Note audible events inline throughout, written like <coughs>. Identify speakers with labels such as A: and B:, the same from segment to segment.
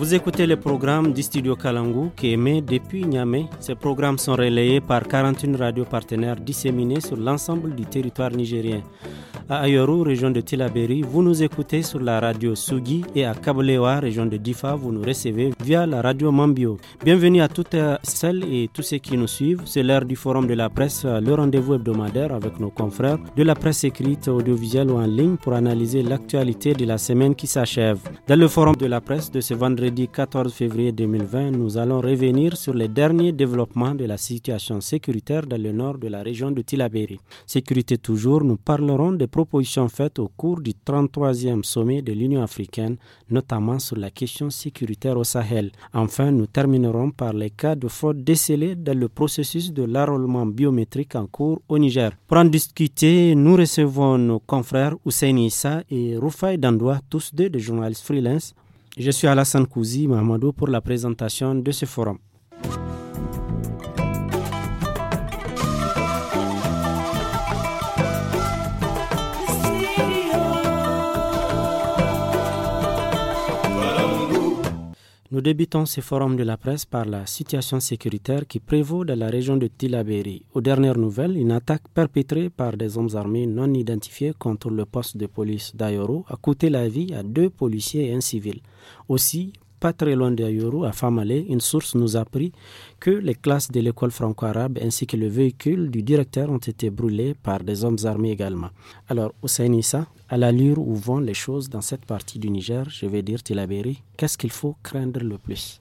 A: Vous écoutez le programme du studio Kalangu qui émet depuis Niamey. Ces programmes sont relayés par 41 radios partenaires disséminés sur l'ensemble du territoire nigérien à Ayoru, région de Tilaberi, vous nous écoutez sur la radio Sugi et à Kablewa, région de Difa, vous nous recevez via la radio Mambio. Bienvenue à toutes euh, celles et tous ceux qui nous suivent. C'est l'heure du Forum de la presse, euh, le rendez-vous hebdomadaire avec nos confrères de la presse écrite, audiovisuelle ou en ligne pour analyser l'actualité de la semaine qui s'achève. Dans le Forum de la presse de ce vendredi 14 février 2020, nous allons revenir sur les derniers développements de la situation sécuritaire dans le nord de la région de Tilaberi. Sécurité toujours, nous parlerons des proposition faites au cours du 33e sommet de l'Union africaine, notamment sur la question sécuritaire au Sahel. Enfin, nous terminerons par les cas de fraude décelés dans le processus de l'enrôlement biométrique en cours au Niger. Pour en discuter, nous recevons nos confrères Hussein Issa et Rufai Dandoua, tous deux des journalistes freelance. Je suis Alassane Kouzi Mahamadou pour la présentation de ce forum. Nous débutons ce forum de la presse par la situation sécuritaire qui prévaut dans la région de Tilaberi. Aux dernières nouvelles, une attaque perpétrée par des hommes armés non identifiés contre le poste de police d'Ayoro a coûté la vie à deux policiers et un civil. Aussi, pas très loin à Famalé, une source nous a appris que les classes de l'école franco-arabe ainsi que le véhicule du directeur ont été brûlés par des hommes armés également. Alors, Hussein ça à l'allure où vont les choses dans cette partie du Niger, je vais dire Tilaberi, qu'est-ce qu'il faut craindre le plus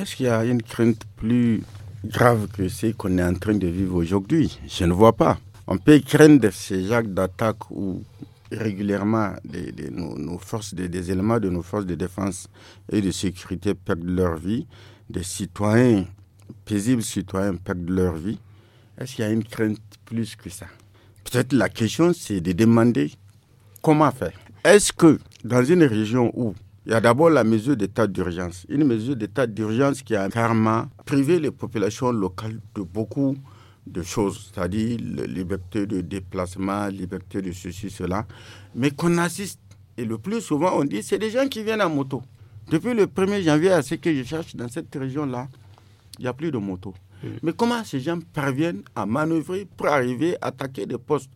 B: Est-ce qu'il y a une crainte plus grave que celle qu'on est en train de vivre aujourd'hui Je ne vois pas. On peut craindre ces actes d'attaque ou régulièrement des, nos, forces, des, éléments de nos forces de défense et de sécurité perdent leur vie, des citoyens, paisibles citoyens perdent leur vie. Est-ce qu'il y a une crainte plus que ça Peut-être la question, c'est de demander comment faire. Est-ce que dans une région où il y a d'abord la mesure d'état d'urgence, une mesure d'état d'urgence qui a carrément privé les populations locales de beaucoup de choses, c'est-à-dire liberté de déplacement, liberté de ceci, cela, mais qu'on assiste. Et le plus souvent, on dit, c'est des gens qui viennent en moto. Depuis le 1er janvier à ce que je cherche dans cette région-là, il n'y a plus de moto. Mais comment ces gens parviennent à manœuvrer pour arriver attaquer des postes,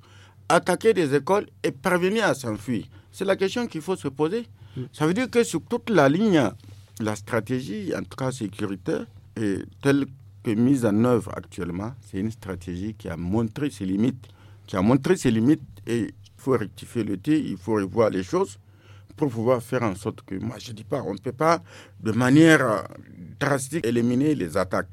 B: attaquer des écoles et parvenir à s'enfuir C'est la question qu'il faut se poser. Ça veut dire que sur toute la ligne, la stratégie, en tout cas sécuritaire, est telle mise en œuvre actuellement, c'est une stratégie qui a montré ses limites, qui a montré ses limites et il faut rectifier le tir, il faut revoir les choses pour pouvoir faire en sorte que, moi je ne dis pas, on ne peut pas de manière euh, drastique éliminer les attaques.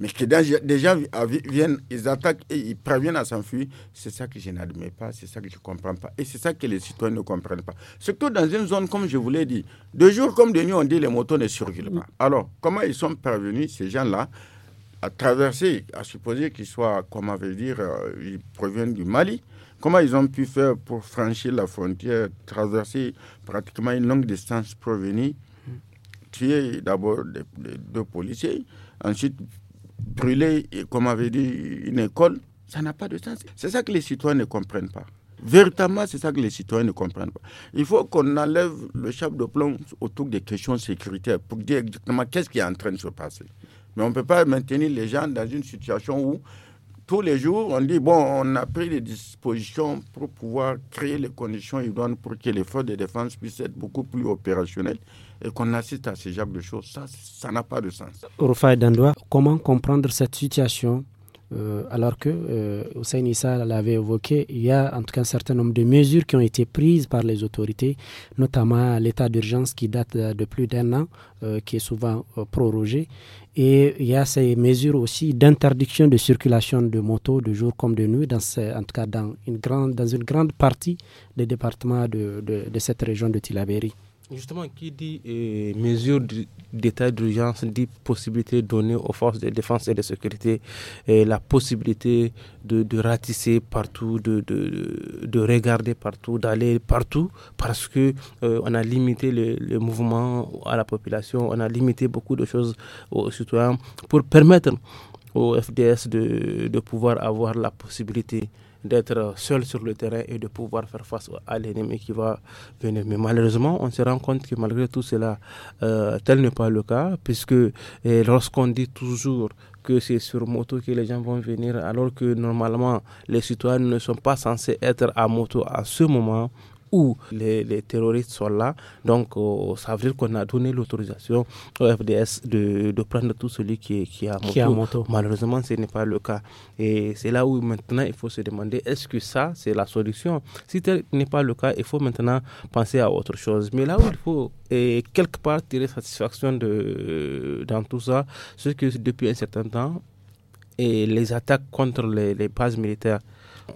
B: Mais que des gens ah, viennent, ils attaquent et ils préviennent à s'enfuir, c'est ça que je n'admets pas, c'est ça que je ne comprends pas. Et c'est ça que les citoyens ne comprennent pas. Surtout dans une zone, comme je vous l'ai dit, de jour comme de nuit, on dit les motos ne circulent pas. Alors, comment ils sont parvenus, ces gens-là, à traverser, à supposer qu'ils soient, on avait dire, euh, ils proviennent du Mali. Comment ils ont pu faire pour franchir la frontière, traverser pratiquement une longue distance provenue, tuer d'abord deux policiers, ensuite brûler, comme avait dit, une école, ça n'a pas de sens. C'est ça que les citoyens ne comprennent pas. Véritablement, c'est ça que les citoyens ne comprennent pas. Il faut qu'on enlève le chapeau de plomb autour des questions sécuritaires pour dire exactement qu'est-ce qui est en train de se passer. Mais on ne peut pas maintenir les gens dans une situation où tous les jours, on dit, bon, on a pris les dispositions pour pouvoir créer les conditions idoines pour que les forces de défense puissent être beaucoup plus opérationnelles et qu'on assiste à ce genre de choses. Ça, ça n'a pas de sens.
A: Rufai Dandoua, comment comprendre cette situation euh, alors que euh, Hussein Issa l'avait évoqué, il y a en tout cas un certain nombre de mesures qui ont été prises par les autorités, notamment l'état d'urgence qui date de plus d'un an, euh, qui est souvent euh, prorogé. Et il y a ces mesures aussi d'interdiction de circulation de motos de jour comme de nuit, dans en tout cas dans une grande, dans une grande partie des départements de, cette
C: région de Tilabéry. Justement, qui dit mesures mesure d'état d'urgence dit possibilité donnée aux forces de défense et de sécurité et la possibilité de, ratisser partout, de, de, regarder partout, d'aller partout, parce que euh, on a limité le, mouvement à la population, on a limité beaucoup de choses aux citoyens pour permettre aux FDS de, de pouvoir avoir la possibilité d'être seul sur le terrain et de pouvoir faire face à l'ennemi qui va venir. Mais malheureusement, on se rend compte que malgré tout cela, euh, tel n'est pas le cas, puisque eh, lorsqu'on dit toujours que c'est sur moto que les gens vont venir, alors que normalement les citoyens ne sont pas censés être à moto à ce moment, où les, terroristes sont là. Donc, euh, ça veut dire qu'on a donné l'autorisation au FDS de, de, prendre tout celui qui, qui, a, moto. moto. Malheureusement, ce n'est pas le cas. Et c'est là où maintenant il faut se demander est-ce que ça, c'est la solution Si tel n'est pas le cas, il faut maintenant penser à autre chose. Mais là où il faut et quelque part tirer satisfaction de, dans tout ça, c'est que depuis un certain temps, et les attaques contre les bases militaires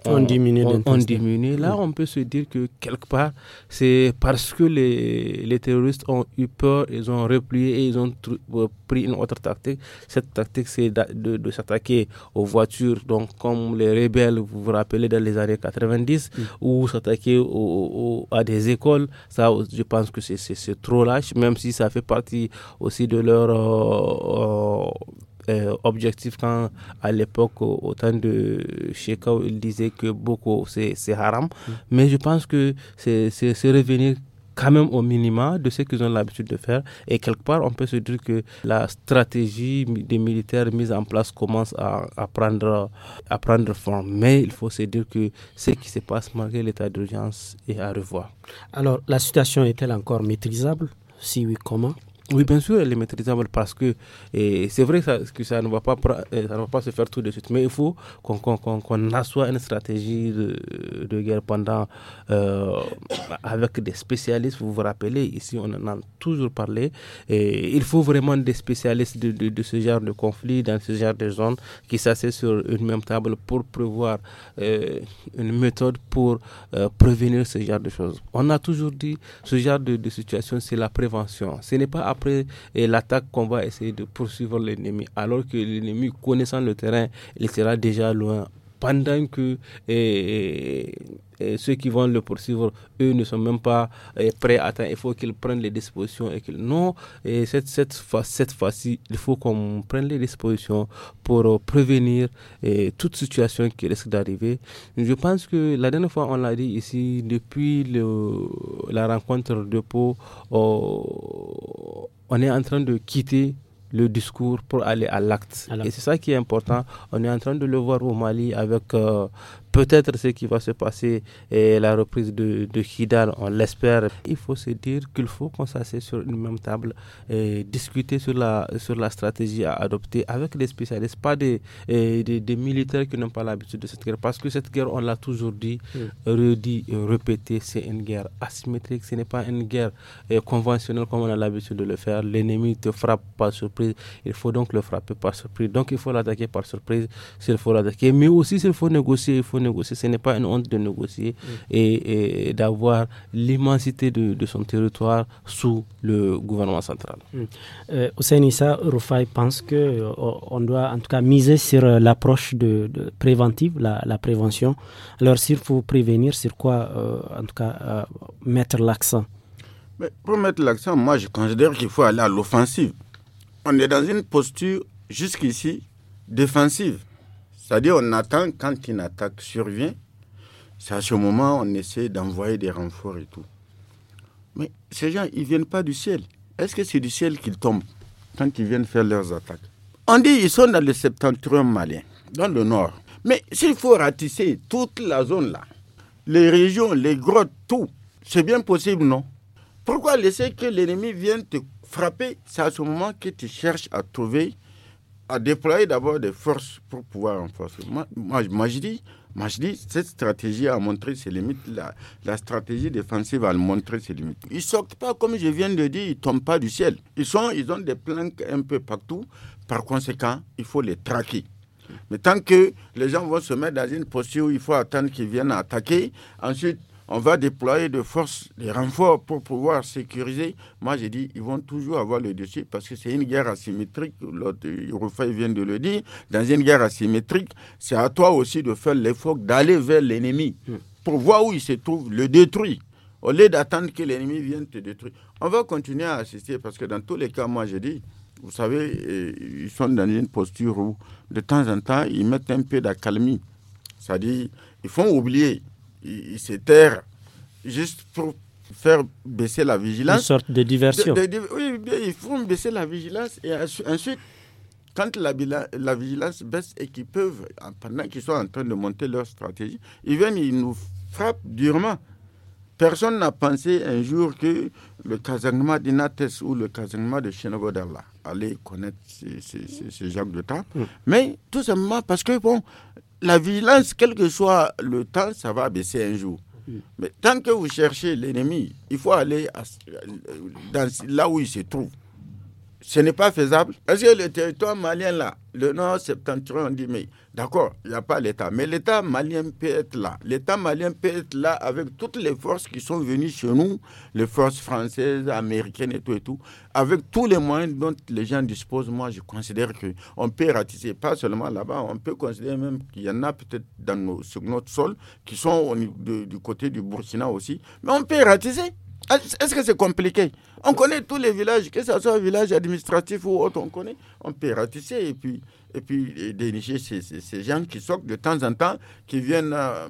C: on, diminue on, Là, on peut se dire que quelque part, c'est parce que les, terroristes ont eu peur, ils ont replié et ils ont euh, pris une autre tactique. Cette tactique, c'est de, s'attaquer aux voitures, donc comme les rebelles, vous vous rappelez, dans les années 90, ou s'attaquer à des écoles. Ça, je pense que c'est trop lâche, même si ça fait partie aussi de leur... Euh, euh, euh, objectif quand à l'époque, au temps de Shekau, il disait que beaucoup c'est haram. Mm. Mais je pense que c'est revenir quand même au minimum de ce qu'ils ont l'habitude de faire. Et quelque part, on peut se dire que la stratégie des militaires mise en place commence à, à prendre, à prendre forme. Mais il faut se dire que ce qui se passe malgré l'état d'urgence est à revoir.
A: Alors, la situation est-elle encore maîtrisable Si oui, comment
C: oui, bien sûr, elle est maîtrisable parce que c'est vrai que ça ne, va pas, euh, ça se faire tout de suite, mais il faut qu'on qu assoie une stratégie de, guerre pendant euh, avec des spécialistes. Vous vous rappelez, ici on en a toujours parlé. il faut vraiment des spécialistes de, ce genre de conflit, dans ce genre de zone, qui s'assoient sur une même table pour prévoir euh, une méthode pour prévenir ce genre de choses. On a toujours dit ce genre de, de situation, c'est la prévention. Ce n'est pas après et l'attaque qu'on va essayer de poursuivre l'ennemi. Alors que l'ennemi, connaissant le terrain, il sera déjà loin. Pendant que ceux qui vont le poursuivre, eux ne sont même pas eh, prêts à temps. Il faut qu'ils prennent les dispositions. Et qu'ils... Non, et cette, cette, fois, cette fois-ci, il faut qu'on prenne les dispositions pour euh, prévenir toute situation qui risque d'arriver. Je pense que la dernière fois, on l'a dit ici, depuis le, la rencontre de Pau, oh, on est en train de quitter le discours pour aller à l'acte. Et c'est ça qui est important. On est en train de le voir au Mali avec euh, Peut-être ce qui va se passer et la reprise de, Kidal, on l'espère. Il faut se dire qu'il faut qu'on sur une même table et discuter sur la, sur la stratégie à adopter avec les spécialistes, pas des, des, militaires qui n'ont pas l'habitude de cette guerre. Parce que cette guerre, on l'a toujours dit, redit répété, c'est une guerre asymétrique, ce n'est pas une guerre euh, conventionnelle comme on a l'habitude de le faire. L'ennemi te frappe par surprise, il faut donc le frapper par surprise. Donc il faut l'attaquer par surprise s'il faut l'attaquer. Mais aussi s'il faut négocier, il faut négocier. Ce n'est pas une honte de négocier mm. et, d'avoir l'immensité de, son territoire sous le gouvernement central. Mm.
A: Euh, sein de Issa Rufai pense qu'on euh, doit en tout cas miser sur euh, l'approche de, préventive, la, prévention. Alors, s'il faut prévenir, sur quoi en tout cas mettre l'accent
B: pour mettre l'accent, moi je considère qu'il faut aller à l'offensive. On est dans une posture jusqu'ici défensive. C'est-à-dire, on attend quand une attaque survient, c'est à ce moment on essaie d'envoyer des renforts et tout. Mais ces gens, ils viennent pas du ciel. Est-ce que c'est du ciel qu'ils tombent quand ils viennent faire leurs attaques On dit ils sont dans le septentrion malien, dans le nord. Mais s'il faut ratisser toute la zone là, les régions, les grottes, tout, c'est bien possible, non Pourquoi laisser que l'ennemi vienne te frapper C'est à ce moment que tu cherches à trouver à déployer d'abord des forces pour pouvoir renforcer. Moi, moi, je dis, moi, je dis, cette stratégie a montré ses limites. La, la stratégie défensive a montré ses limites. Ils sortent pas, comme je viens de dire, ils tombent pas du ciel. Ils, sont, ils ont des planques un peu partout. Par conséquent, il faut les traquer. Mais tant que les gens vont se mettre dans une posture où il faut attendre qu'ils viennent attaquer, ensuite on va déployer de forces, des renforts pour pouvoir sécuriser. Moi, j'ai dit, ils vont toujours avoir le dessus parce que c'est une guerre asymétrique. L'autre, il vient de le dire. Dans une guerre asymétrique, c'est à toi aussi de faire l'effort d'aller vers l'ennemi hmm. pour voir où il se trouve, le détruire. Au lieu d'attendre que l'ennemi vienne te détruire. On va continuer à assister parce que dans tous les cas, moi, j'ai dit, vous savez, euh, ils sont dans une posture où, de temps en temps, ils mettent un peu d'accalmie. C'est-à-dire, ils font oublier ils, se juste pour faire baisser la vigilance. Une sorte de diversion. oui, bien, ils font baisser la vigilance et ensuite, quand la, la vigilance baisse et qu'ils peuvent, pendant qu'ils sont en train de monter leur stratégie, ils viennent, ils nous frappent durement. Personne n'a pensé un jour que le casernement d'Inates ou le casernement de Chenogodala allait connaître ces, genre Jacques de temps. Hmm. Mais tout simplement parce que, bon, la violence, quel que soit le temps, ça va baisser un jour. Mm. Mais tant que vous cherchez l'ennemi, il faut aller là où il se trouve ce n'est pas faisable. parce que le territoire malien, là, le nord septentrion, on dit, mais d'accord, il n'y a pas l'État. Mais l'État malien peut être là. L'État malien peut être là avec toutes les forces qui sont venues chez nous, les forces françaises, américaines et tout et tout, avec tous les moyens dont les gens disposent. Moi, je considère qu'on peut ratisser, pas seulement là-bas, on peut considérer même qu'il y en a peut-être dans nos, sur notre sol, qui sont au, du côté du Burkina aussi, mais on peut ratisser. Est-ce que c'est compliqué On connaît tous les villages, que ce soit un village administratif ou autre, on connaît. On peut ratisser et puis, et puis dénicher ces, ces, gens qui sortent de temps en temps, qui viennent euh,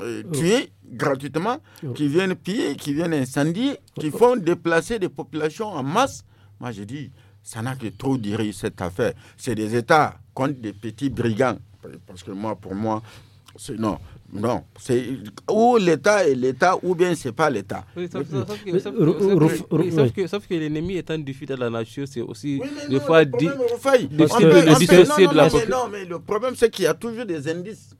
B: euh oh. tuer gratuitement, oh. qui viennent piller, qui viennent incendier, qui oh. font déplacer des populations en masse. Moi, je dis, ça n'a que trop duré cette affaire. C'est des États contre des petits brigands. Parce que moi, pour moi, c'est non. Non, c'est ou l'État et l'État ou bien c'est pas l'État.
C: sauf, que, l'ennemi étant du défi de la nature, c'est aussi oui, des fois dit Non,
B: mais le problème c'est qu'il y a toujours des indices.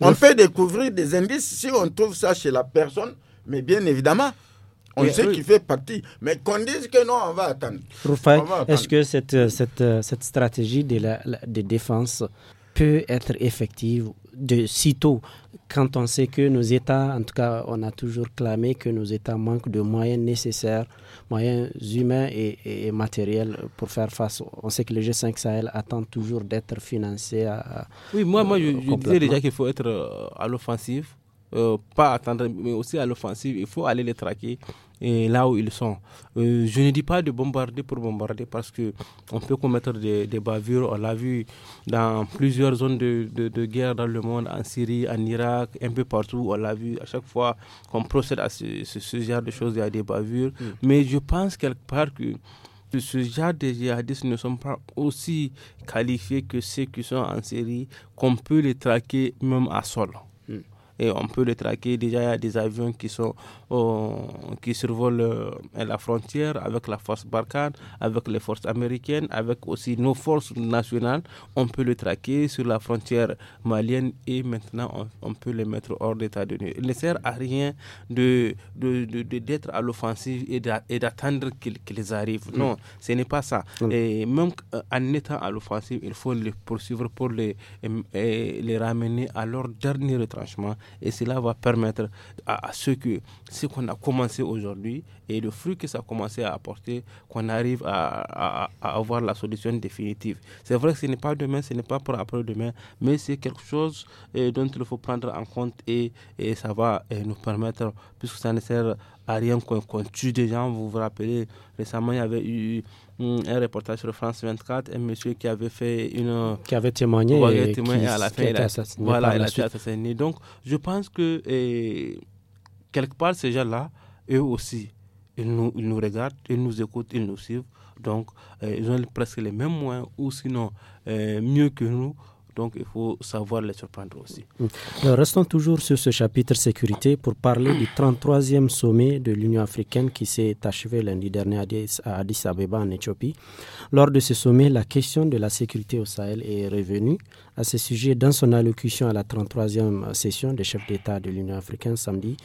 B: On fait découvrir des indices si on trouve ça chez la personne, mais bien évidemment, on sait qu'il fait partie, mais qu'on dise que non, on va attendre. attendre. est-ce
A: que cette, cette, cette stratégie de, la, de défense peut être effective de sitôt quand on sait que nos États, en tout cas, on a toujours clamé que nos États manquent de moyens nécessaires, moyens humains et, matériels pour faire face. On sait que le G5 Sahel attend toujours d'être financé. oui, moi, moi je, je disais déjà
C: qu'il faut être euh, à l'offensive euh, pas attendre, mais aussi à l'offensive. Il faut aller les traquer et euh, là où ils sont. Euh, je ne dis pas de bombarder pour bombarder parce que on peut commettre des, des bavures. On l'a vu dans plusieurs zones de, de, guerre dans le monde, en Syrie, en Irak, un peu partout. On l'a vu à chaque fois qu'on procède à ce, genre de choses, il y a des bavures. Mm. Mais je pense quelque part que ce genre de djihadistes ne sont pas aussi qualifiés que ceux qui sont en Syrie, qu'on peut les traquer même à sol et on peut le traquer. Déjà, il y a des avions qui, sont, euh, qui survolent euh, la frontière avec la force Barkhane, avec les forces américaines, avec aussi nos forces nationales. On peut le traquer sur la frontière malienne et maintenant on, peut les mettre hors d'état de nuit. Il ne sert à rien de, d'être à l'offensive et d'attendre qu'ils arrivent. Mm. Non, ce n'est pas ça. Mm. Et même euh, en étant à l'offensive, il faut les poursuivre pour les, les ramener à leur dernier retranchement et cela va permettre à, ce que ce qu'on a commencé aujourd'hui et le fruit que ça a commencé à apporter, qu'on arrive à, avoir la solution définitive. C'est vrai que ce n'est pas demain, ce n'est pas pour après-demain, mais c'est quelque chose eh, dont il faut prendre en compte et, ça va eh, nous permettre, puisque ça ne sert à rien qu'on tue des gens. Vous vous rappelez, récemment, il y avait eu Hmm, un reportage sur France 24, un monsieur qui avait fait une. qui avait témoigné, et, qui, à la fin. a été assassiné. Voilà, il a été assassiné. Donc, je pense que quelque part, ces gens-là, eux aussi, ils nous, nous regardent, ils nous écoutent, ils nous suivent. Donc, euh, ils ont presque les mêmes moyens, ou sinon euh, mieux que nous, donc il faut savoir les surprendre aussi.
A: Mm. restons toujours sur ce chapitre sécurité pour parler du 33e sommet de l'Union africaine qui s'est achevé lundi dernier à Addis Abeba en Éthiopie. Lors de ce sommet, la question de la sécurité au Sahel est revenue. À ce sujet, dans son allocution à la 33e session des chefs d'État de l'Union africaine samedi,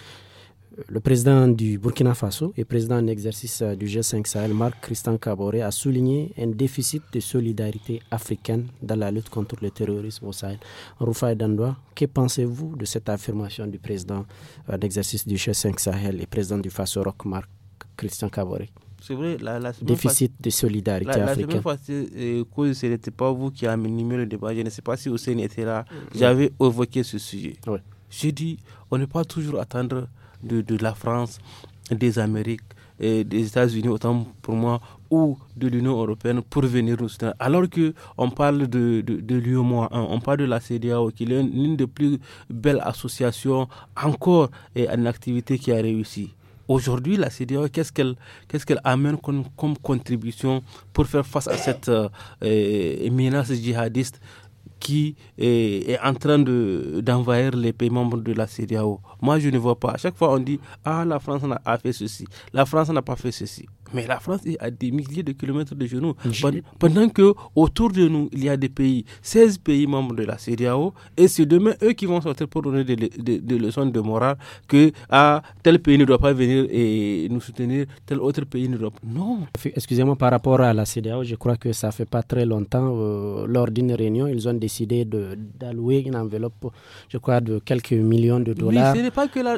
A: le président du Burkina Faso et président en exercice euh, du G5 Sahel, Marc Christian Caboret, a souligné un déficit de solidarité africaine dans la lutte contre le terrorisme au Sahel. Rufai Dandoa, que pensez-vous de cette affirmation du président euh, en exercice du G5 Sahel et président du Faso Rock, Marc Christian Caboret C'est vrai,
C: la, déficit de solidarité africaine. La semaine fois, euh, ce n'était pas vous qui avez animé le débat. Je ne sais pas si Hussein était là. J'avais évoqué ce sujet. J'ai dit, on ne peut pas toujours attendre de, la France, des Amériques, et des États-Unis, autant pour moi, ou de l'Union européenne pour venir nous soutenir. Alors qu'on parle de, de, de hein, on parle de la CDAO, qui est l'une des plus belles associations encore et en activité qui a réussi. Aujourd'hui, la CDAO, qu'est-ce qu'elle qu'est-ce qu'elle amène comme, contribution pour faire face à cette euh, menace djihadiste qui est, en train d'envahir les pays membres de la CDAO. Moi, je ne vois pas. À chaque fois, on dit Ah, la France a fait ceci, la France n'a pas fait ceci. Mais la France est à des milliers de kilomètres de genoux. Pendant que autour de nous, il y a des pays, 16 pays membres de la CDAO, et c'est demain eux qui vont sortir pour donner des, leçons de morale que ah, tel pays ne doit pas venir et nous soutenir, tel autre pays ne doit
A: Non. Excusez-moi, par rapport à la CDAO, je crois que ça fait pas très longtemps, euh, lors d'une réunion, ils ont décidé d'allouer une enveloppe, je crois, de quelques millions de dollars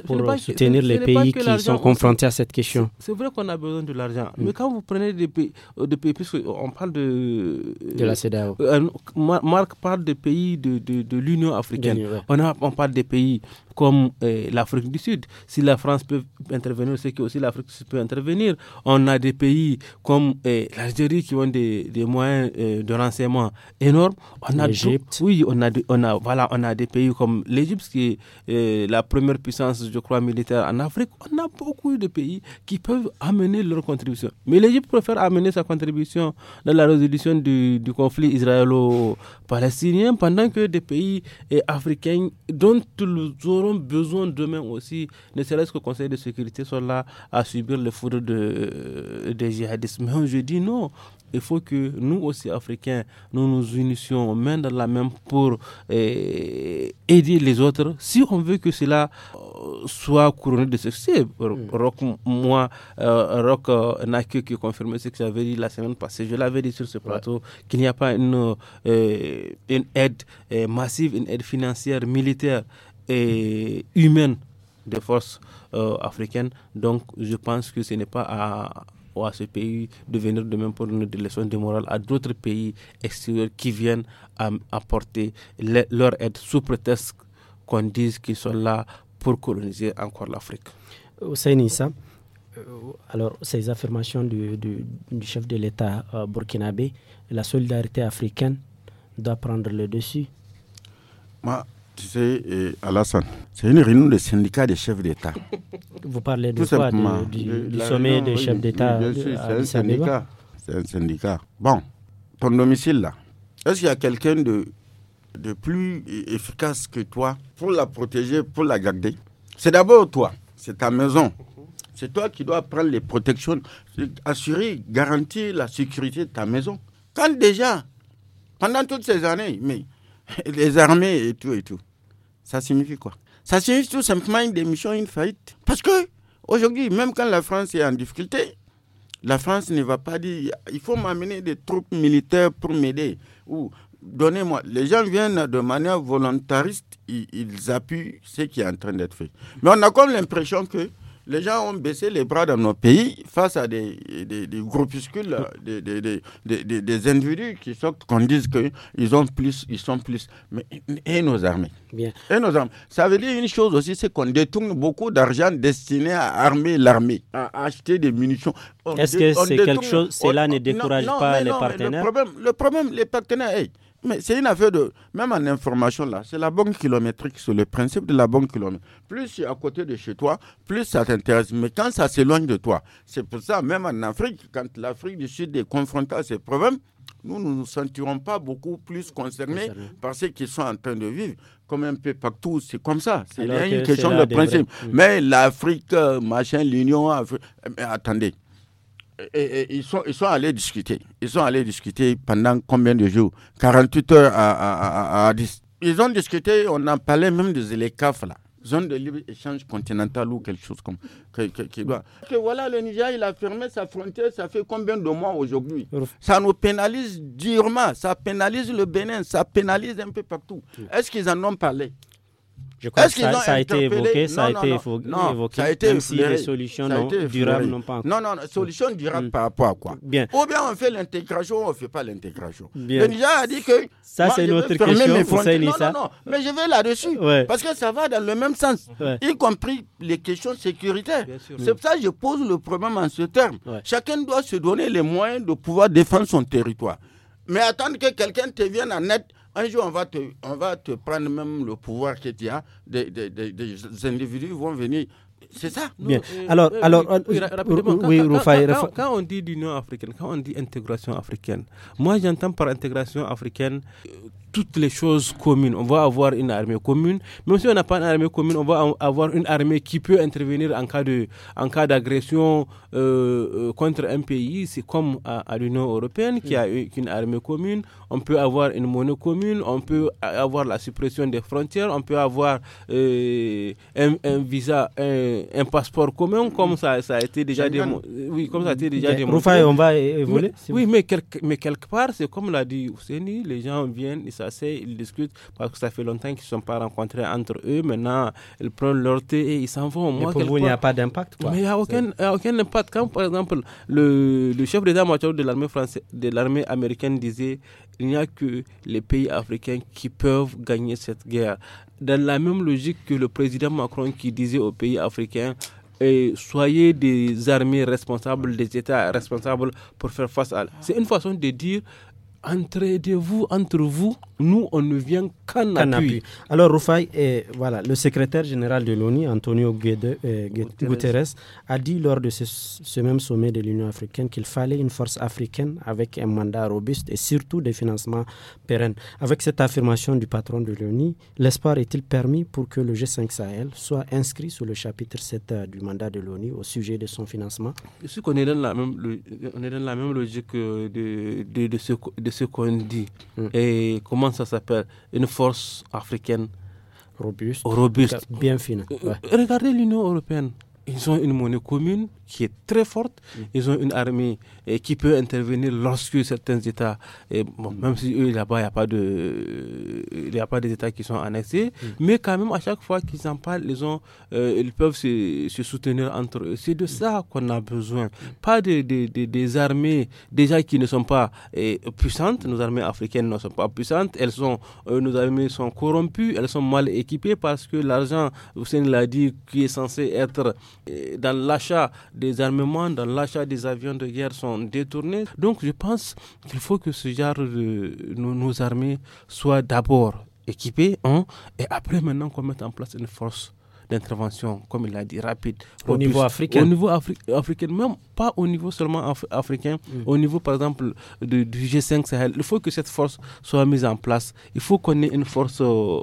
A: pour soutenir les pays qui sont confrontés à cette question.
C: C'est vrai qu'on a besoin de l'argent Mm. Mais quand vous prenez des pays, euh, des puisqu'on parle de. De la CEDAO. Euh, euh, Marc parle des pays de, de, de l'Union africaine. On, a, on parle des pays comme euh, l'Afrique du Sud. Si la France peut intervenir, c'est que aussi l'Afrique peut intervenir. On a des pays comme euh, l'Algérie qui ont des, moyens euh, de renseignement énormes. On a l'Égypte. Oui, on a, on a, voilà, on a des pays comme l'Égypte qui est la première puissance, je crois, militaire en Afrique. On a beaucoup de pays qui peuvent amener leur contribution. Mais l'Égypte préfère amener sa contribution dans la résolution du, conflit israélo-palestinien pendant que des pays africains dont toujours besoin demain aussi, ne serait-ce que le Conseil de sécurité soit là à subir le foudre de, euh, des djihadistes. Mais je dis non, il faut que nous aussi, Africains, nous nous unissions main dans la main pour eh, aider les autres si on veut que cela euh, soit couronné de succès. Mm. Rock, moi, euh, Rock n'a que confirmé ce que j'avais dit la semaine passée. Je l'avais dit sur ce plateau qu'il n'y a pas une, une aide eh, massive, une aide financière, militaire et humaine des forces euh, africaines. Donc, je pense que ce n'est pas à, à ce pays de venir de même pour donner des leçons de morale à d'autres pays extérieurs qui viennent apporter leur aide sous prétexte qu'on dise qu'ils sont là pour coloniser encore l'Afrique.
A: Nissa, euh, alors ces affirmations du, chef de l'État euh, burkinabé, la solidarité africaine doit prendre le dessus
B: c'est une réunion des syndicats des chefs d'État. <laughs> Vous parlez de quoi Du,
A: sommet des chefs d'État C'est un syndicat.
B: C'est un syndicat. Bon, ton domicile là, est-ce qu'il y a quelqu'un de, de plus efficace que toi pour la protéger, pour la garder C'est d'abord toi, c'est ta maison. C'est toi qui dois prendre les protections, assurer, garantir la sécurité de ta maison. Quand déjà, pendant toutes ces années, mais <laughs> les armées et tout et tout, ça signifie quoi Ça signifie tout simplement une démission, une faillite. Parce que aujourd'hui, même quand la France est en difficulté, la France ne va pas dire il faut m'amener des troupes militaires pour m'aider ou donnez-moi. Les gens viennent de manière volontariste, ils, ils appuient ce qui est en train d'être fait. Mais on a comme l'impression que les gens ont baissé les bras dans nos pays face à des, groupuscules, ah. des, individus qui sortent, qu'on dise qu'ils ont plus, ils sont plus. Mais, et nos armées Bien. Et nos Ça veut dire une chose aussi, c'est qu'on détourne beaucoup d'argent destiné à armer l'armée, à acheter des munitions. Est-ce que c'est quelque chose, cela ne décourage pas les partenaires le problème, les partenaires, mais c'est une affaire de. Même en information, là, c'est la banque kilométrique, c'est le principe de la banque kilométrique. Plus tu à côté de chez toi, plus ça t'intéresse. Mais quand ça s'éloigne de toi, c'est pour ça, même en Afrique, quand l'Afrique du Sud est confrontée à ces problèmes, nous ne nous, sentirons pas beaucoup plus concernés par ce qu'ils sont en train de vivre. Comme un peu partout, c'est comme ça. C'est une question de principe. Mais l'Afrique, euh, machin, l'Union, Mais attendez ils, sont, ils sont allés discuter. Ils sont allés discuter pendant combien de jours 48 heures à, à, Ils ont discuté, on en parlait même des ELECAF, là. Zone de libre-échange continental ou quelque chose comme que, voilà, le Niger, il a fermé sa frontière, ça fait combien de mois aujourd'hui Ça nous pénalise durement, ça pénalise le Bénin, ça pénalise un peu partout. Est-ce qu'ils en ont parlé
D: je crois que ça, a été évoqué, non, ça a été non, évoqué, ça a même si les solutions non, durables n'ont pas encore. Non,
B: non, solution durable mm. par rapport à quoi Bien. Ou bien on fait l'intégration ou on ne fait pas l'intégration. Le a dit que. Ça, c'est une autre question. non, non, non, mais je vais là-dessus. Parce que ça va dans le même sens, y compris les questions sécuritaires. C'est pour ça que je pose le problème en ce terme. Chacun doit se donner les moyens de pouvoir défendre son territoire. Mais attendre que quelqu'un te vienne en aide un jour, on va te, on va te prendre même le pouvoir que tu as. Des, des, des, individus vont venir c'est ça. Euh, alors, euh, alors, oui, euh,
C: quand, on dit l'Union africaine, quand on dit intégration africaine, moi j'entends par intégration africaine toutes les choses communes. On va avoir une armée commune. Même si on n'a pas une armée commune, on va avoir une armée qui peut intervenir en cas de, en cas d'agression euh, euh, contre un pays. C'est comme à, l'Union européenne qui a une armée commune. On peut avoir une monnaie commune. On peut avoir la suppression des frontières. On peut avoir euh, un, visa, un, passeport commun, comme ça, ça a été déjà démontré. Oui, comme ça a été déjà on va évoluer. Mais, oui, mais, quelque, mais quelque part, c'est comme l'a dit Ouseni, les gens viennent. Ils assez, ils discutent parce que ça fait longtemps qu'ils ne sont pas rencontrés entre eux. Maintenant, ils prennent leur thé et ils s'en vont. Moi, pour vous, il n'y a pas d'impact Mais il n'y a, aucun impact. Quand, par exemple, le, chef d'état-major de l'armée française, de l'armée américaine disait il n'y a que les pays africains qui peuvent gagner cette guerre. Dans la même logique que le président Macron qui disait aux pays africains et eh, soyez des armées responsables, des États responsables pour faire face à. C'est une façon de dire entre vous entre vous. Nous, on ne vient qu'à
A: Alors, Rufai, euh, voilà, le secrétaire général de l'ONU, Antonio euh, Guterres. a dit lors de ce, même sommet de l'Union africaine qu'il fallait une force africaine avec un mandat robuste et surtout des financements pérennes. Avec cette affirmation du patron de l'ONU, l'espoir est-il permis pour que le G5 Sahel soit inscrit sous le chapitre 7 euh, du mandat de l'ONU au sujet de son financement
C: Je suis qu'on est, dans la même, logique de, ce ce qu'on dit. Mm. Et comment ça s'appelle Une force africaine robuste, robuste. bien fine. Euh, euh, regardez l'Union européenne. Ils ont une monnaie commune, qui est très forte. Mm. Ils ont une armée et eh, qui peut intervenir lorsque certains États, et eh, bon, mm. même si eux là-bas, il n'y a pas de, euh, il a pas des États qui sont annexés, mm. mais quand même à chaque fois qu'ils en parlent, ils ont, euh, ils peuvent se, soutenir entre eux. C'est de ça qu'on a besoin, pas des armées déjà qui ne sont pas eh, puissantes. Nos armées africaines ne sont pas puissantes. Elles sont, euh, nos armées sont corrompues, elles sont mal équipées parce que l'argent, Hussein l'a dit, qui est censé être dans l'achat des armements, dans l'achat des avions de guerre sont détournés. Donc je pense qu'il faut que ce genre de nos, armées soient d'abord équipées hein, et après maintenant qu'on mette en place une force d'intervention, comme il a dit, rapide. Au niveau africain Au niveau africain, même pas au niveau seulement africain, mm. au niveau par exemple du G5 Sahel. Il faut que cette force soit mise en place. Il faut qu'on ait une force euh,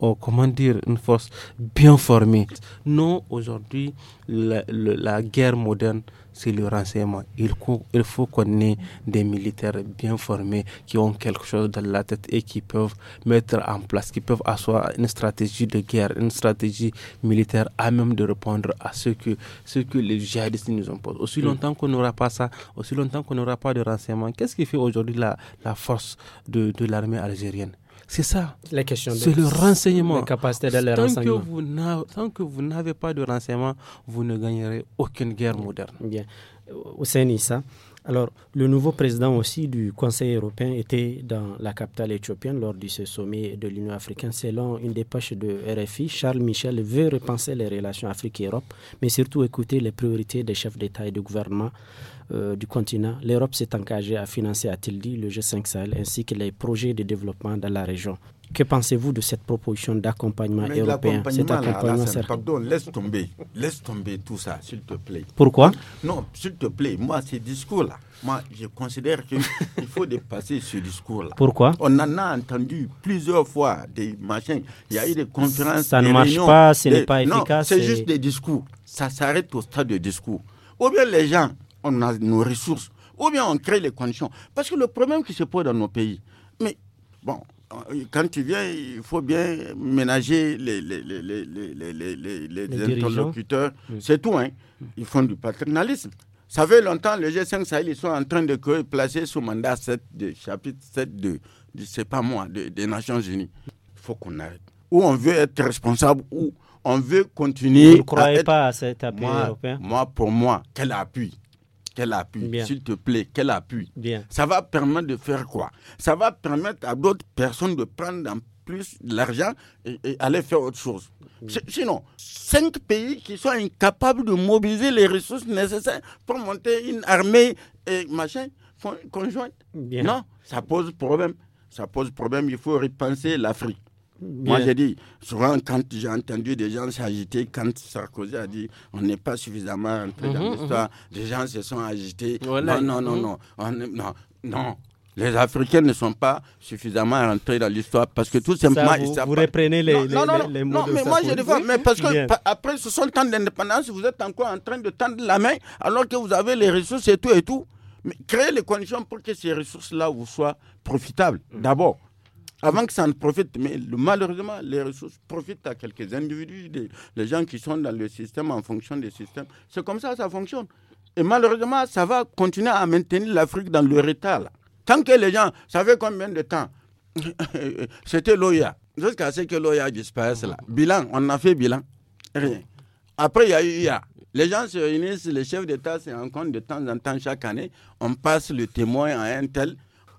C: ou comment dire, une force bien formée. Non, aujourd'hui, la, guerre moderne, c'est le renseignement. Il, il faut qu'on ait des militaires bien formés qui ont quelque chose dans la tête et qui peuvent mettre en place, qui peuvent asseoir une stratégie de guerre, une stratégie militaire à même de répondre à ce que, ce que les djihadistes nous imposent. Aussi mm. longtemps qu'on n'aura pas ça, aussi longtemps qu'on n'aura pas de renseignement, qu'est-ce qui fait aujourd'hui la, la force de, de l'armée algérienne c'est ça. La C'est le renseignement. capacité de le tant, renseignement. Que vous tant que vous n'avez pas de renseignement, vous ne gagnerez aucune guerre moderne. Bien.
A: Hussein Issa, alors, le nouveau président aussi du Conseil européen était dans la capitale éthiopienne lors de ce sommet de l'Union africaine. Selon une dépêche de RFI, Charles Michel veut repenser les relations Afrique-Europe, mais surtout écouter les priorités des chefs d'État et de gouvernement euh, du continent. L'Europe s'est engagée à financer, a-t-il dit, le G5 Sahel ainsi que les projets de développement dans la région. Que pensez-vous de cette proposition d'accompagnement européen Cet accompagnement
B: Pardon, laisse tomber. Laisse tomber tout ça, s'il te plaît. Pourquoi Non, s'il te plaît, moi, ces discours-là, moi, je considère qu'il <laughs> faut dépasser ce discours-là. Pourquoi On en a entendu plusieurs fois des machins. Il y a eu des conférences. Ça ne marche pas, ce n'est pas efficace. C'est juste des discours. Ça s'arrête au stade de discours. Ou bien les gens, on a nos ressources, ou bien on crée les conditions. Parce que le problème qui se pose dans nos pays, mais bon, quand tu viens, il faut bien ménager les, les, interlocuteurs. C'est tout. Hein. Ils font du paternalisme. Ça fait longtemps, le G5 Sahel, ils sont en train de placer sous mandat 7 de, chapitre 7 de, c'est pas moi, des Nations Unies. Il faut qu'on arrête. Ou on veut être responsable, ou on veut continuer. Vous ne croyez pas à cet appui européen Moi, pour moi, quel appui quel appui, s'il te plaît, quel appui. Ça va permettre de faire quoi Ça va permettre à d'autres personnes de prendre en plus de l'argent et, aller faire autre chose. Sinon, cinq pays qui sont incapables de mobiliser les ressources nécessaires pour monter une armée et machin conjointe. Non, ça pose problème. Ça pose problème. Il faut repenser l'Afrique. Moi, j'ai dit, souvent, quand j'ai entendu des gens s'agiter, quand Sarkozy a dit on n'est pas suffisamment rentré dans mhm, l'histoire, mhm. des gens se sont agités. Non, non, mhm. non, non, non, Les Africains ne sont pas suffisamment rentrés dans l'histoire parce que tout simplement. vous, reprenez les, non, non, non, mais moi, je Mais parce que après 60 ans d'indépendance, vous êtes encore en train de tendre la main alors que vous avez les ressources et tout et tout. Mais créez les conditions pour que ces ressources-là vous soient profitables, mm. d'abord avant que ça ne profite. Mais malheureusement, les ressources profitent à quelques individus, les gens qui sont dans le système en fonction du système. C'est comme ça ça fonctionne. Et malheureusement, ça va continuer à maintenir l'Afrique dans le retard. Tant que les gens savent combien de temps <laughs> c'était l'OIA, jusqu'à ce que l'OIA disparaisse là. Bilan, on a fait bilan, rien. Après, il y a eu Les gens se réunissent, les chefs d'État se rencontrent de temps en temps chaque année. On passe le témoin à un tel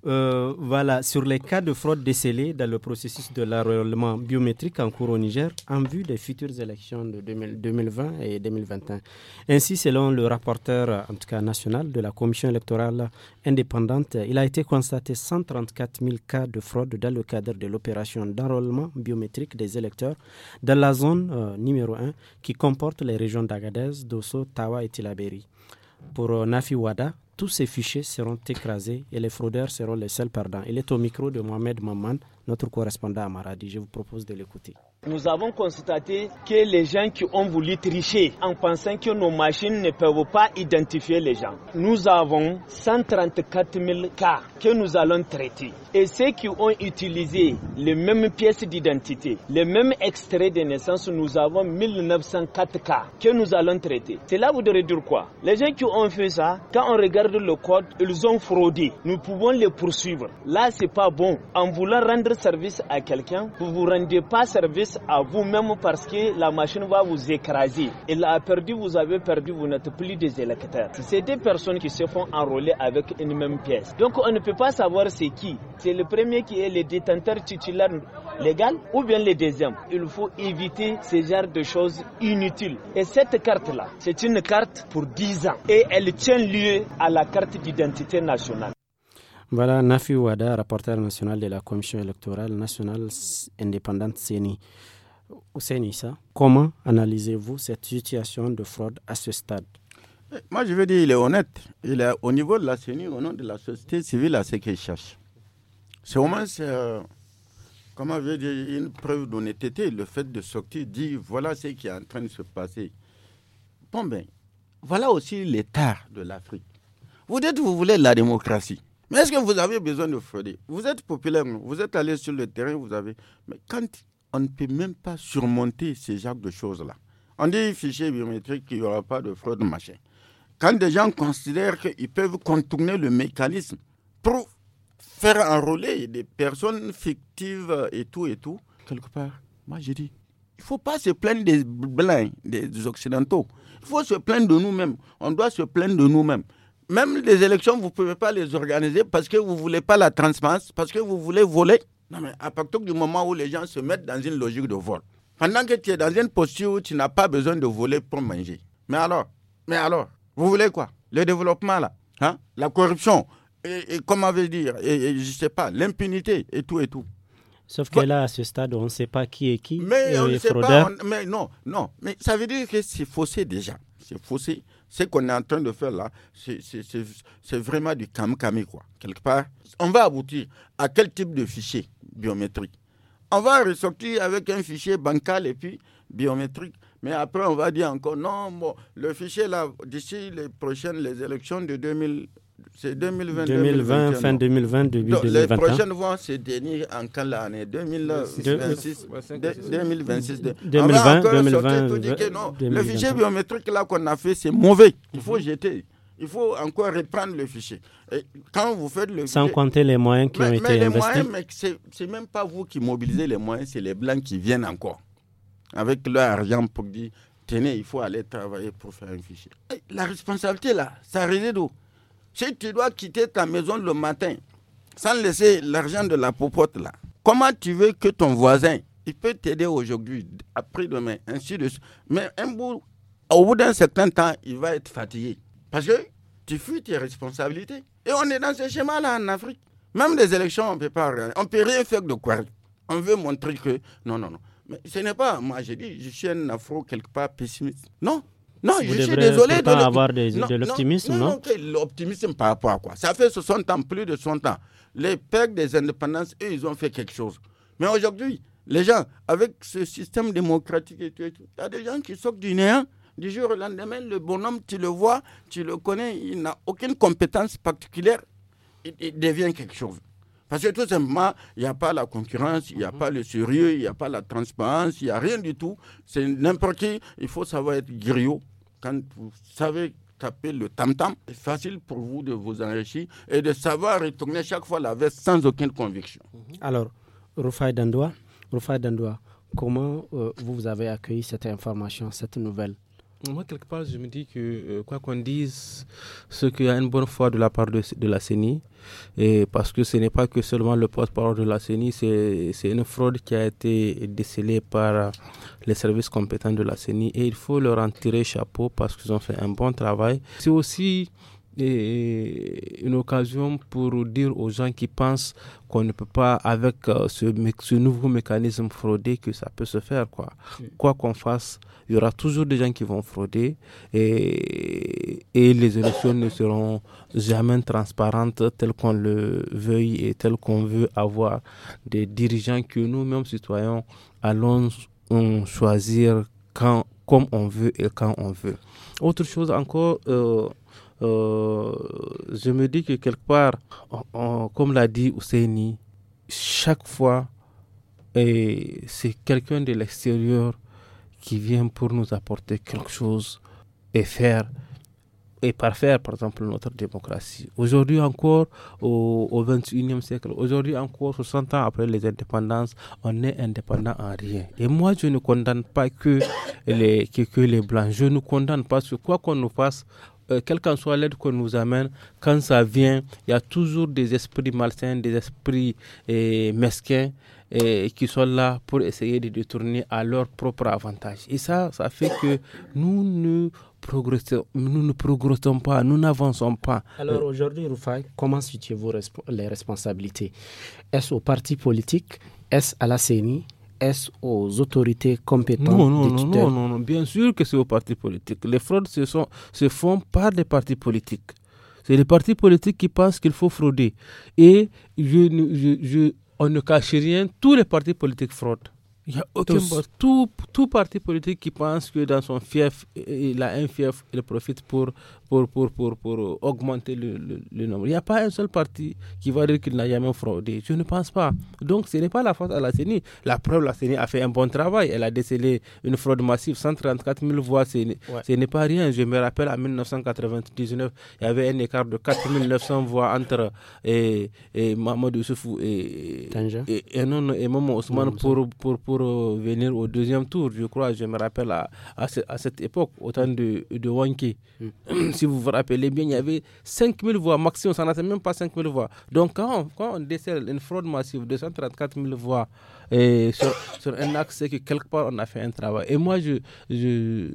B: euh, voilà,
A: sur les cas de fraude décelés dans le processus de l'enrôlement biométrique en cours au Niger en vue des futures élections de 2020 et 2021. Ainsi, selon le rapporteur, en tout cas national, de la Commission électorale indépendante, il a été constaté 134 000 cas de fraude dans le cadre de l'opération d'enrôlement biométrique des électeurs dans la zone euh, numéro 1 qui comporte les régions d'Agadez, Dosso, Tawa et Tilaberi. Pour euh, Nafi Wada, tous ces fichiers seront écrasés et les fraudeurs seront les seuls perdants. Il est au micro de Mohamed Maman, notre correspondant à Maradi. Je vous propose de l'écouter.
D: Nous avons constaté que les gens qui ont voulu tricher en pensant que nos machines ne peuvent pas identifier les gens. Nous avons 134 000 cas que nous allons traiter. Et ceux qui ont utilisé les mêmes pièces d'identité, les mêmes extraits de naissance, nous avons 1904 cas que nous allons traiter. Cela voudrait dire quoi Les gens qui ont fait ça, quand on regarde le code, ils ont fraudé. Nous pouvons les poursuivre. Là, c'est pas bon. En voulant rendre service à quelqu'un, vous vous rendez pas service à vous-même parce que la machine va vous écraser. Elle a perdu, vous avez perdu, vous n'êtes plus des électeurs. C'est des personnes qui se font enrôler avec une même pièce. Donc on ne peut pas savoir c'est qui. C'est le premier qui est le détenteur titulaire légal ou bien le deuxième. Il faut éviter ce genre de choses inutiles. Et cette carte-là, c'est une carte pour 10 ans et elle tient lieu à la carte d'identité nationale.
A: Voilà, Nafi Ouada, rapporteur national de la Commission électorale nationale indépendante CENI. ça. Comment analysez-vous cette situation de fraude à ce stade
D: eh,
B: Moi, je veux dire, il est honnête. Il est, au niveau de la CENI, au nom de la société civile, à ce qu'il cherche. C'est au moins, euh, comment je veux une preuve d'honnêteté, le fait de sortir, dire voilà ce qui est en train de se passer. Bon, ben, voilà aussi l'état de l'Afrique. Vous dites, vous voulez la démocratie. Mais est-ce que vous avez besoin de frauder Vous êtes populaire, vous êtes allé sur le terrain, vous avez. Mais quand on ne peut même pas surmonter ces genres de choses-là, on dit fichier biométrique, il n'y aura pas de fraude, machin. Quand des gens considèrent qu'ils peuvent contourner le mécanisme pour faire enrôler des personnes fictives et tout et tout, quelque part, moi j'ai dit, il ne faut pas se plaindre des blancs, des Occidentaux. Il faut se plaindre de nous-mêmes. On doit se plaindre de nous-mêmes même les élections, vous ne pouvez pas les organiser parce que vous ne voulez pas la transparence, parce que vous voulez voler. Non, mais à partir du moment où les gens se mettent dans une logique de vol, pendant que tu es dans une posture où tu n'as pas besoin de voler pour manger. Mais alors Mais alors Vous voulez quoi Le développement, là hein La corruption et, comment veux dire et, Je sais pas, l'impunité et tout et tout.
A: Sauf que bah là, à ce stade, on ne sait pas qui est qui. Mais euh, on ne sait pas.
B: mais non, non. Mais ça veut dire que c'est faussé déjà c'est faussé. Ce qu'on est en train de faire là, c'est vraiment du kamikami, quoi. Quelque part, on va aboutir à quel type de fichier biométrique On va ressortir avec un fichier bancal et puis biométrique. Mais après, on va dire encore, non, bon, le fichier là, d'ici les prochaines les élections de 2020. C'est 2020, 2020 fin 2020, début 2021. Les prochaines voies c'est tenir en quelle année 2026, 2026 2020, Le fichier biométrique là qu'on a fait, c'est mauvais. Il faut jeter. Il faut encore reprendre le fichier. quand vous faites le Sans compter les moyens qui ont été les investis. Moyens, mais c'est même pas vous qui mobilisez les moyens, c'est les Blancs qui viennent encore avec leur argent pour dire tenez, il faut aller travailler pour faire un fichier. la responsabilité là, ça réside où si tu dois quitter ta maison le matin sans laisser l'argent de la popote là, comment tu veux que ton voisin, il peut t'aider aujourd'hui, après-demain, ainsi de suite. Mais un au bout d'un certain temps, il va être fatigué. Parce que tu fuis tes responsabilités. Et on est dans ce schéma-là en Afrique. Même les élections, on ne peut pas rien. On peut rien faire de quoi. On veut montrer que. Non, non, non. Mais ce n'est pas. Moi, j'ai dit, je suis un afro quelque part pessimiste. Non, non, je suis désolé de avoir de l'optimisme, non, non, l'optimisme par rapport à quoi Ça fait 60 ans, plus de 60 ans. Les pères des indépendances, eux, ils ont fait quelque chose. Mais aujourd'hui, les gens, avec ce système démocratique et tout, il y a des gens qui sortent du néant. Du jour au lendemain, le bonhomme, tu le vois, tu le connais, il n'a aucune compétence particulière, il, il devient quelque chose. Parce que tout simplement, il n'y a pas la concurrence, il n'y a mhm. pas le sérieux, il n'y a pas la transparence, il n'y a rien du tout. C'est n'importe qui. Il faut savoir être griot, quand vous savez taper le tam-tam, c'est facile pour vous de vous enrichir et de savoir retourner chaque fois la veste sans aucune conviction. Mhm.
A: Alors, Rufai Dandoua, comment euh, vous avez accueilli cette information, cette nouvelle
C: moi, quelque part, je me dis que, euh, quoi qu'on dise, ce qu'il y a une bonne foi de la part de, la CENI, et parce que ce n'est pas que seulement le porte-parole de la CENI, c'est une fraude qui a été décelée par les services compétents de la CENI, et il faut leur en tirer chapeau parce qu'ils ont fait un bon travail. C'est aussi et une occasion pour dire aux gens qui pensent qu'on ne peut pas, avec euh, ce, ce, nouveau mécanisme fraudé, que ça peut se faire. Quoi mm. quoi qu'on fasse, il y aura toujours des gens qui vont frauder et, et les élections ne seront jamais transparentes telles qu'on le veuille et telles qu'on veut avoir des dirigeants que nous-mêmes, citoyens, allons choisir quand, comme on veut et quand on veut. Autre chose encore... Euh, euh, je me dis que quelque part, comme l'a dit Ousseini, chaque fois, c'est quelqu'un de l'extérieur qui vient pour nous apporter quelque chose et faire et parfaire, par exemple, notre démocratie. Aujourd'hui encore, au, 21e siècle, aujourd'hui encore, 60 ans après les indépendances, on n'est indépendant en rien. Et moi, je ne condamne pas que les, les Blancs. Je ne condamne pas sur quoi qu'on nous fasse euh, quelle qu'en soit l'aide qu'on nous amène, quand ça vient, il y a toujours des esprits malsains, des esprits mesquins qui sont là pour essayer de détourner à leur propre avantage. Et ça, ça fait que nous ne progressons, nous ne progressons pas, nous n'avançons pas. Alors aujourd'hui, Rufai, comment situez-vous les responsabilités Est-ce
A: au parti politique Est-ce à la CENI est aux autorités compétentes non non, non,
C: non, non, bien sûr que c'est aux partis politiques. Les fraudes se, sont, se font par des partis politiques. C'est les partis politiques qui pensent qu'il faut frauder. Et je, je, je, on ne cache rien, tous les partis politiques fraudent. Il n'y a aucun tout, tout parti politique qui pense que dans son fief, il a un fief, il profite pour, pour, pour, pour, pour augmenter le, le, nombre. Il n'y a pas un seul parti qui va dire qu'il n'a jamais fraudé. Je ne pense pas. Donc ce n'est pas la faute à la CENI. La preuve, la CENI a fait un bon travail. Elle a décelé une fraude massive, 134 000 voix. Ce n'est pas rien. Je me rappelle en 1999, il y avait un écart de 4900 voix entre et, et Mahmoud et, et, et Maman Ousmane pour, pour euh, venir au deuxième tour, je crois, je me rappelle à, à, cette époque, au temps de, de Wanké. Mm. <clears throat> si vous vous rappelez bien, il y avait 5000 voix maximum, ça n'atteint même pas 5000 voix. Donc quand on, quand on décèle une fraude massive de 134 000 voix et <coughs> sur, un axe, c'est que quelque part on a fait un travail. Et moi, je, je,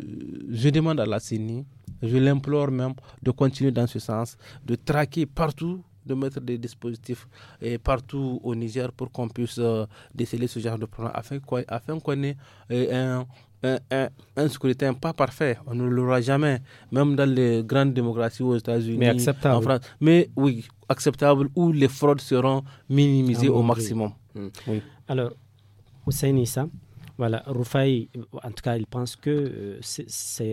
C: je demande à la CENI, je l'implore même de continuer dans ce sens, de traquer partout de mettre des dispositifs eh, partout au Niger pour qu'on puisse euh, déceler ce genre de problème afin, afin qu'on ait eh, un, un, scrutin pas parfait. On ne l'aura jamais, même dans les grandes démocraties aux États-Unis, en France. Mais oui, acceptable où les fraudes seront minimisées ah au maximum. Mm. Oui.
A: Alors, Hussein Issa, voilà, Roufaï, en tout cas, il pense que euh, c'est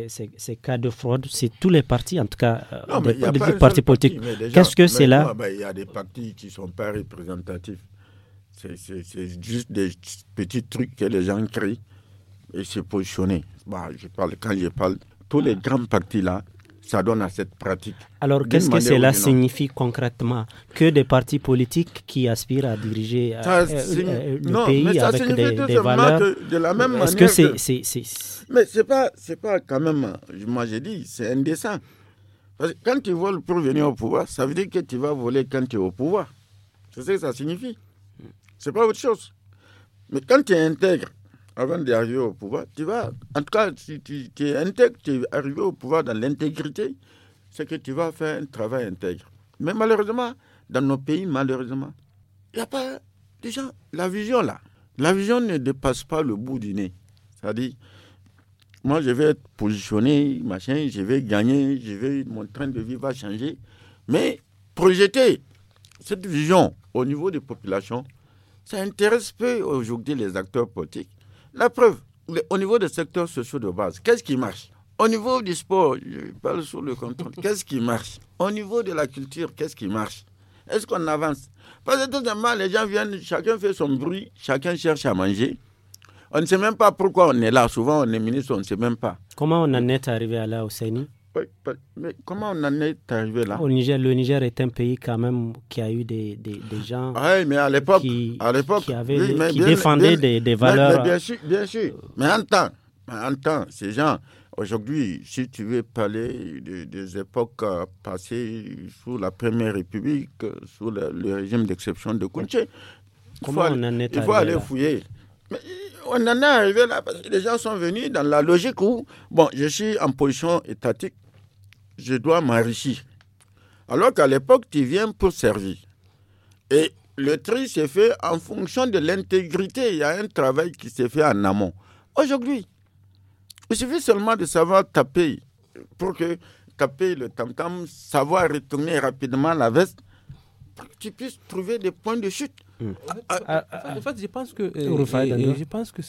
A: ces cas de fraude, c'est tous les partis, en tout cas, euh, partis politiques. Qu'est-ce que c'est là
B: Il y a des partis qui ne sont pas représentatifs. C'est juste des petits trucs que les gens créent et se positionnent. Bah, je parle, quand je parle, tous les ah. grands partis là, ça donne à cette pratique. Alors qu'est-ce que cela
A: signifie concrètement Que des partis politiques qui aspirent à diriger euh, euh, euh, le non, pays avec des, valeurs. De, la même Est-ce que c'est.
B: Mais c'est pas, c'est pas quand même, moi j'ai dit, c'est indécent. Parce que quand tu voles pour venir au pouvoir, ça veut dire que tu vas voler quand tu es au pouvoir. C'est sais que ça signifie. C'est pas autre chose. Mais quand tu es intègre, avant d'arriver au pouvoir, tu vas, en tout cas, si tu, es intègre, tu es arrivé au pouvoir dans l'intégrité, c'est que tu vas faire un travail intègre. Mais malheureusement, dans nos pays, malheureusement, il n'y a pas déjà La vision, là, la vision ne dépasse pas le bout du nez. C'est-à-dire, moi, je vais être positionné, machin, je vais gagner, je vais, mon train de vie va changer. Mais projeter cette vision au niveau des populations, ça intéresse peu aujourd'hui les acteurs politiques. La preuve, au niveau des secteurs sociaux de base, qu'est-ce qui marche Au niveau du sport, je parle sur le contrôle, <laughs> qu'est-ce qui marche Au niveau de la culture, qu'est-ce qui marche Est-ce qu'on avance Parce que tout simplement, les gens viennent, chacun fait son bruit, chacun cherche à manger. On ne sait même pas pourquoi on est là. Souvent, on est ministre, on ne sait même pas.
A: Comment on en est arrivé à là,
B: Ousseini mais comment on en est arrivé là
A: le Niger est un pays quand même qui a eu des, gens
B: ah, mais à l'époque, qui, à l'époque, qui, défendaient des, des, valeurs. Euh, bien sûr, bien sûr. Mais en temps, ces gens, aujourd'hui, si tu veux parler des, époques euh, passées sous la Première République, sous le, régime d'exception de Kunche, comment Il faut aller fouiller. Mais on en est arrivé là parce que les gens sont venus dans la logique où, bon, je suis en position étatique, je dois m'enrichir. Alors qu'à l'époque, tu viens pour servir. Et le tri se fait en fonction de l'intégrité. Il y a un travail qui se fait en amont. Aujourd'hui, il suffit seulement de savoir taper pour que taper le tam-tam, savoir retourner rapidement la veste, pour que tu puisses trouver des points de chute. Hmm. En, ah, ah, fait, je pense que, euh, euh, je
C: pense que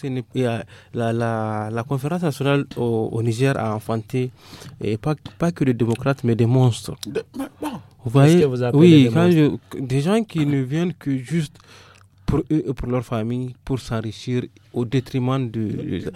C: la, conférence nationale au, Niger a enfanté et pas, pas, que des démocrates, mais des monstres. Vous voyez, oui, des, gens qui ne viennent que juste pour eux et pour leur famille, pour s'enrichir au détriment de...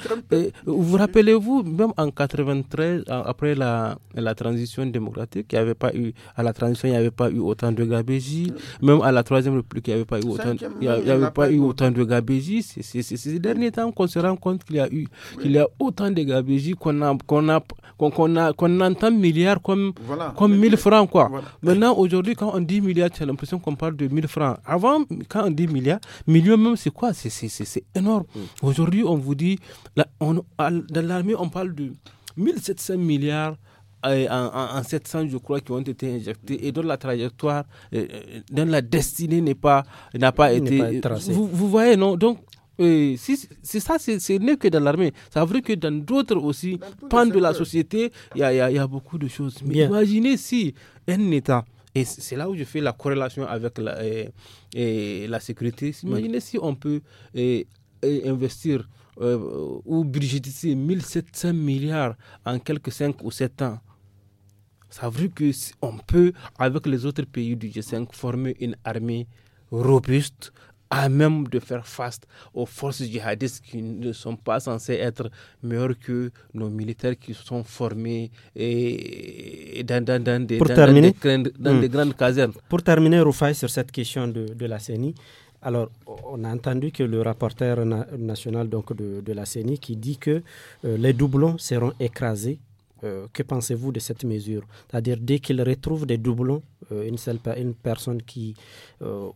C: Vous vous rappelez-vous, même en 93, après la, la transition démocratique, il avait pas eu, à la transition, il n'y avait pas eu autant de gabégie. Même à la Troisième République, il n'y avait pas eu autant, il avait, pas eu autant de gabégie. C'est ces derniers temps qu'on se rend compte qu'il y a eu, qu'il y a autant de gabégie qu'on a, qu'on a, qu'on a, qu'on entend milliards comme, voilà. comme 1000 francs, quoi. Maintenant, aujourd'hui, quand on dit milliards, j'ai l'impression qu'on parle de 1000 francs. Avant, quand on dit milliards, millions même, c'est quoi? C'est énorme. Mm. Mm. Aujourd'hui, on vous dit, dans l'armée, on parle de 1700 milliards euh, en, 700, je crois, qui ont été injectés et dont la trajectoire, euh, euh, dont la destinée n'est pas, n'a pas été. tracée. Vous, voyez, non Donc, si, c'est ça, ce n'est que dans l'armée. Ça vrai que dans d'autres aussi, pans de la société, il y a, beaucoup de choses. Mais imaginez si un État, et c'est là où je fais la corrélation avec la, et la sécurité, mm. imaginez si on peut investir euh, ou budgétiser 1700 milliards en quelques 5 ou 7 ans, ça veut dire qu'on peut, avec les autres pays du G5, former une armée robuste à même de faire face aux forces djihadistes qui ne sont pas censées être meilleures que nos militaires qui sont formés et dans, dans, dans, des, dans, des, hmm. grandes casernes.
A: Pour terminer, Rufai, sur cette question de, de la CENI, alors, on a entendu que le rapporteur national donc, de, la CENI qui dit que euh, les doublons seront écrasés euh, que pensez-vous de cette mesure C'est-à-dire, dès qu'il retrouve des doublons, euh, une, seule, une personne qui, euh,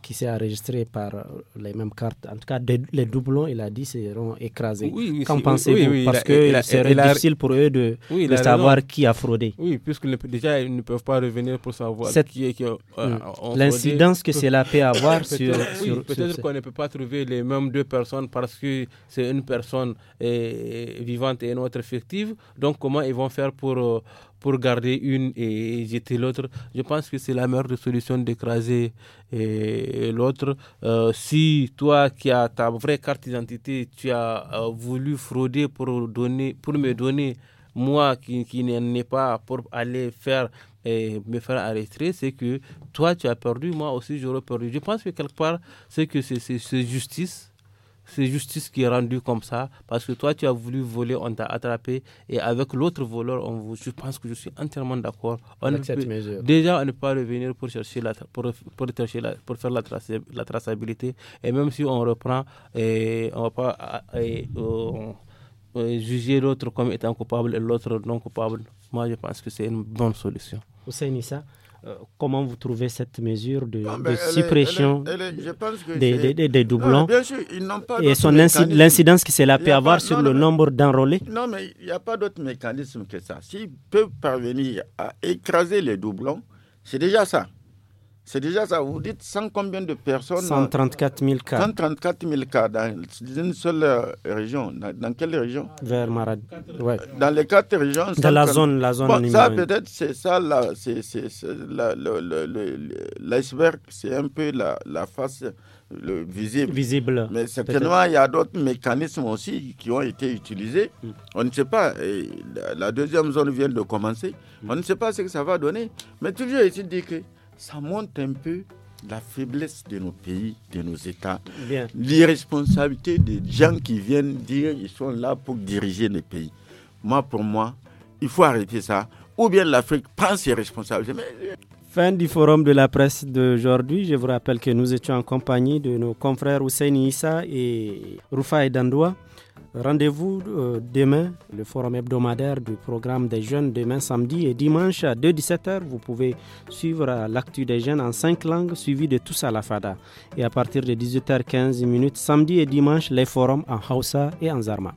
A: qui s'est enregistrée par les mêmes cartes, en tout cas, les doublons, il a dit, seront écrasés. Qu'en pensez-vous Parce que serait difficile pour eux de, de savoir qui a fraudé.
C: Oui, puisque déjà, ils ne peuvent pas revenir pour savoir cette, qui est qui hmm. L'incidence que cela peut avoir sur. sur Peut-être qu'on ne peut pas trouver les mêmes deux personnes parce que c'est une personne vivante et une autre fictive. Donc, comment ils vont faire pour, euh, pour garder une et jeter l'autre. Je pense que c'est la meilleure solution d'écraser l'autre. Euh, si toi qui as ta vraie carte d'identité, tu as euh, voulu frauder pour, donner, pour me donner, moi qui, qui n'en ai pas, pour aller faire me faire arrêter, c'est que toi tu as perdu, moi aussi j'aurais perdu. Je pense que quelque part, c'est que c'est justice c'est justice qui est rendue comme ça, parce que toi, tu as voulu voler, on t'a attrapé, et avec l'autre voleur, on vous, je pense que je suis entièrement d'accord. Déjà, on ne peut pas revenir pour, chercher la, pour, pour, la, pour faire la, trace, la, traçabilité, et même si on reprend, et on ne va pas juger l'autre comme étant coupable et l'autre non coupable. Moi, je pense que c'est une bonne solution. Hussein ça euh, comment vous trouvez cette mesure de, ah, suppression
A: des, doublons et l'incidence que cela peut avoir sur le nombre d'enrôlés
B: Non, mais il n'y a pas d'autre mécanisme que ça. S'ils peuvent parvenir à écraser les doublons, c'est déjà ça. C'est déjà ça. Vous dites 100 combien de personnes 134 000 cas. 134 000 cas dans une seule euh, région. Dans, quelle région Vers Marad. Dans les quatre régions. Dans la zone, la zone Ça, peut-être, c'est ça, l'iceberg, c'est un peu la, face visible.
A: Mais certainement,
B: il y a d'autres mécanismes aussi qui ont été utilisés. Mm. On ne sait pas. la, deuxième zone vient de commencer. Mm. On ne sait pas ce que ça va donner. Mais toujours, il dit que ça montre un peu la faiblesse de nos pays, de nos États, l'irresponsabilité des gens qui viennent dire qu'ils sont là pour diriger les pays. Moi, pour moi, il faut arrêter ça. Ou bien l'Afrique prend ses responsabilités. Euh,
A: fin du forum de la presse d'aujourd'hui. Je vous rappelle que nous étions en compagnie de nos confrères Hussein Issa et Roufa Dandoua. Rendez-vous euh, demain, le forum hebdomadaire du programme des jeunes, demain samedi et dimanche à 2-17h. Vous pouvez suivre euh, l'actu des jeunes en cinq langues, suivi de tous à la FADA. Et à partir de 18h15 samedi et dimanche, les forums en Hausa et en Zarma.